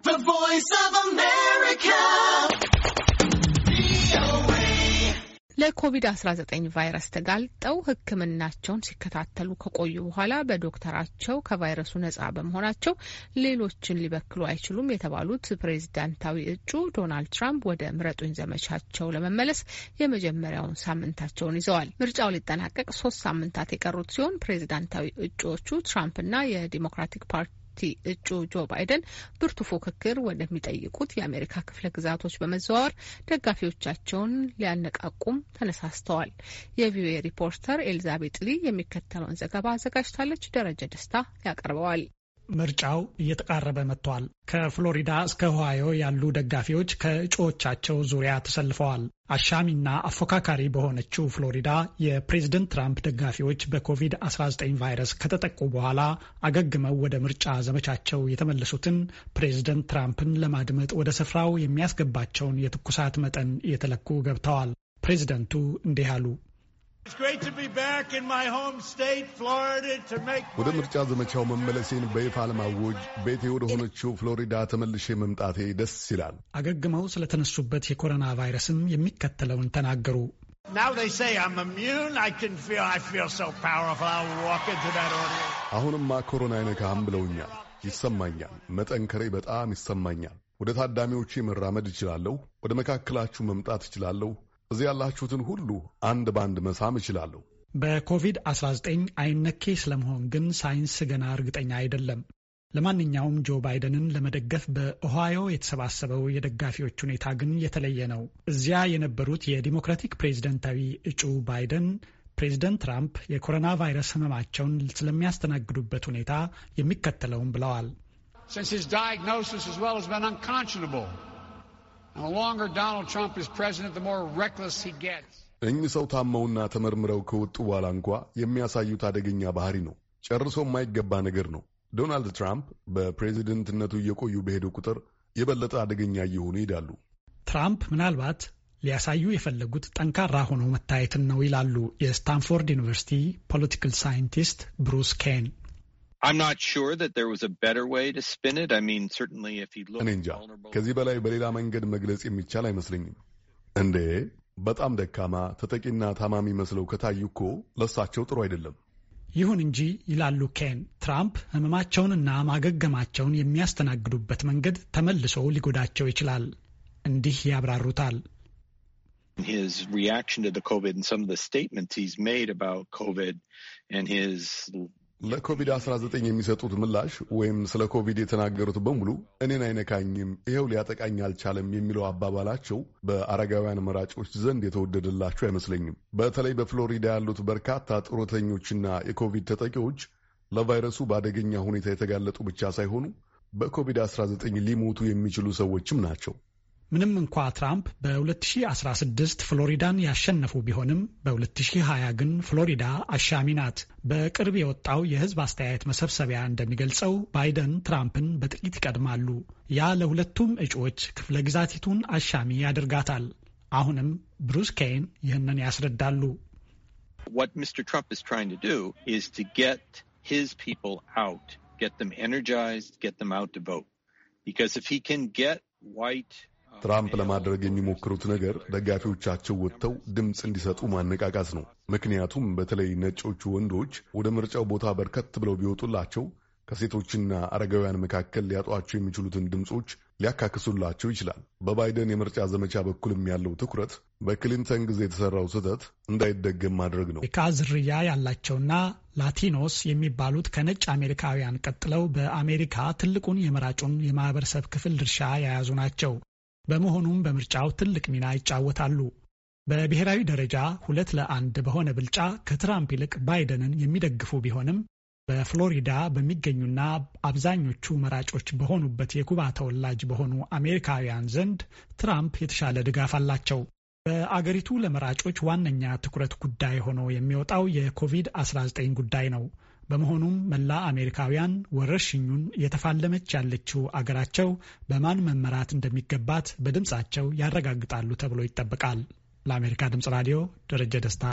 The Voice of America. ለኮቪድ-19 ቫይረስ ተጋልጠው ሕክምናቸውን ሲከታተሉ ከቆዩ በኋላ በዶክተራቸው ከቫይረሱ ነጻ በመሆናቸው ሌሎችን ሊበክሉ አይችሉም የተባሉት ፕሬዚዳንታዊ እጩ ዶናልድ ትራምፕ ወደ ምረጡኝ ዘመቻቸው ለመመለስ የመጀመሪያውን ሳምንታቸውን ይዘዋል። ምርጫው ሊጠናቀቅ ሶስት ሳምንታት የቀሩት ሲሆን ፕሬዚዳንታዊ እጩዎቹ ትራምፕና የዲሞክራቲክ ፓርቲ ፓርቲ እጩ ጆ ባይደን ብርቱ ፉክክር ወደሚጠይቁት የአሜሪካ ክፍለ ግዛቶች በመዘዋወር ደጋፊዎቻቸውን ሊያነቃቁም ተነሳስተዋል። የቪኦኤ ሪፖርተር ኤልዛቤት ሊ የሚከተለውን ዘገባ አዘጋጅታለች። ደረጀ ደስታ ያቀርበዋል። ምርጫው እየተቃረበ መጥቷል። ከፍሎሪዳ እስከ ኦሃዮ ያሉ ደጋፊዎች ከእጩዎቻቸው ዙሪያ ተሰልፈዋል። አሻሚና አፎካካሪ በሆነችው ፍሎሪዳ የፕሬዝደንት ትራምፕ ደጋፊዎች በኮቪድ-19 ቫይረስ ከተጠቁ በኋላ አገግመው ወደ ምርጫ ዘመቻቸው የተመለሱትን ፕሬዝደንት ትራምፕን ለማድመጥ ወደ ስፍራው የሚያስገባቸውን የትኩሳት መጠን እየተለኩ ገብተዋል። ፕሬዝደንቱ እንዲህ አሉ። ወደ ምርጫ ዘመቻው መመለሴን በይፋ ለማወጅ ቤቴ ወደ ሆነችው ፍሎሪዳ ተመልሼ መምጣቴ ደስ ይላል። አገግመው ስለተነሱበት የኮሮና ቫይረስም የሚከተለውን ተናገሩ። አሁንማ ኮሮና አይነካህም ብለውኛል። ይሰማኛል። መጠንከሬ በጣም ይሰማኛል። ወደ ታዳሚዎቼ መራመድ እችላለሁ። ወደ መካከላችሁ መምጣት እችላለሁ። እዚህ ያላችሁትን ሁሉ አንድ በአንድ መሳም እችላለሁ። በኮቪድ-19 አይነኬ ስለመሆን ግን ሳይንስ ገና እርግጠኛ አይደለም። ለማንኛውም ጆ ባይደንን ለመደገፍ በኦሃዮ የተሰባሰበው የደጋፊዎች ሁኔታ ግን የተለየ ነው። እዚያ የነበሩት የዲሞክራቲክ ፕሬዝደንታዊ እጩ ባይደን ፕሬዝደንት ትራምፕ የኮሮና ቫይረስ ህመማቸውን ስለሚያስተናግዱበት ሁኔታ የሚከተለውም ብለዋል። እኚህ ሰው ታመውና ተመርምረው ከወጡ በኋላ እንኳ የሚያሳዩት አደገኛ ባህሪ ነው። ጨርሶ የማይገባ ነገር ነው። ዶናልድ ትራምፕ በፕሬዚደንትነቱ እየቆዩ በሄዱ ቁጥር የበለጠ አደገኛ እየሆኑ ይሄዳሉ። ትራምፕ ምናልባት ሊያሳዩ የፈለጉት ጠንካራ ሆነው መታየትን ነው ይላሉ የስታንፎርድ ዩኒቨርሲቲ ፖለቲካል ሳይንቲስት ብሩስ ኬን። I'm not sure that there was a better way to spin it. I mean, certainly if he looked Ninja. ከዚህ በላይ በሌላ መንገድ መግለጽ የሚቻል አይመስለኝም። እንዴ በጣም ደካማ ተጠቂና ታማሚ መስለው ከታዩ እኮ ለሳቸው ጥሩ አይደለም። ይሁን His reaction to the COVID and some of the statements he's made about COVID and his ለኮቪድ-19 የሚሰጡት ምላሽ ወይም ስለ ኮቪድ የተናገሩት በሙሉ እኔን አይነካኝም፣ ይኸው ሊያጠቃኝ አልቻለም የሚለው አባባላቸው በአረጋውያን መራጮች ዘንድ የተወደደላቸው አይመስለኝም። በተለይ በፍሎሪዳ ያሉት በርካታ ጡረተኞችና የኮቪድ ተጠቂዎች ለቫይረሱ በአደገኛ ሁኔታ የተጋለጡ ብቻ ሳይሆኑ በኮቪድ-19 ሊሞቱ የሚችሉ ሰዎችም ናቸው። ምንም እንኳ ትራምፕ በ2016 ፍሎሪዳን ያሸነፉ ቢሆንም በ2020 ግን ፍሎሪዳ አሻሚ ናት። በቅርብ የወጣው የሕዝብ አስተያየት መሰብሰቢያ እንደሚገልጸው ባይደን ትራምፕን በጥቂት ይቀድማሉ። ያ ለሁለቱም እጩዎች ክፍለ ግዛቲቱን አሻሚ ያደርጋታል። አሁንም ብሩስ ኬይን ይህንን ያስረዳሉ። What Mr. Trump is trying to do is to get his people out, get them energized, get them out to vote. Because if he can get white ትራምፕ ለማድረግ የሚሞክሩት ነገር ደጋፊዎቻቸው ወጥተው ድምፅ እንዲሰጡ ማነቃቃት ነው። ምክንያቱም በተለይ ነጮቹ ወንዶች ወደ ምርጫው ቦታ በርከት ብለው ቢወጡላቸው ከሴቶችና አረጋውያን መካከል ሊያጧቸው የሚችሉትን ድምፆች ሊያካክሱላቸው ይችላል። በባይደን የምርጫ ዘመቻ በኩልም ያለው ትኩረት በክሊንተን ጊዜ የተሰራው ስህተት እንዳይደገም ማድረግ ነው። ካ ዝርያ ያላቸውና ላቲኖስ የሚባሉት ከነጭ አሜሪካውያን ቀጥለው በአሜሪካ ትልቁን የመራጩን የማህበረሰብ ክፍል ድርሻ የያዙ ናቸው። በመሆኑም በምርጫው ትልቅ ሚና ይጫወታሉ። በብሔራዊ ደረጃ ሁለት ለአንድ በሆነ ብልጫ ከትራምፕ ይልቅ ባይደንን የሚደግፉ ቢሆንም በፍሎሪዳ በሚገኙና አብዛኞቹ መራጮች በሆኑበት የኩባ ተወላጅ በሆኑ አሜሪካውያን ዘንድ ትራምፕ የተሻለ ድጋፍ አላቸው። በአገሪቱ ለመራጮች ዋነኛ ትኩረት ጉዳይ ሆኖ የሚወጣው የኮቪድ-19 ጉዳይ ነው። በመሆኑም መላ አሜሪካውያን ወረርሽኙን እየተፋለመች ያለችው አገራቸው በማን መመራት እንደሚገባት በድምፃቸው ያረጋግጣሉ ተብሎ ይጠበቃል። ለአሜሪካ ድምፅ ራዲዮ ደረጀ ደስታ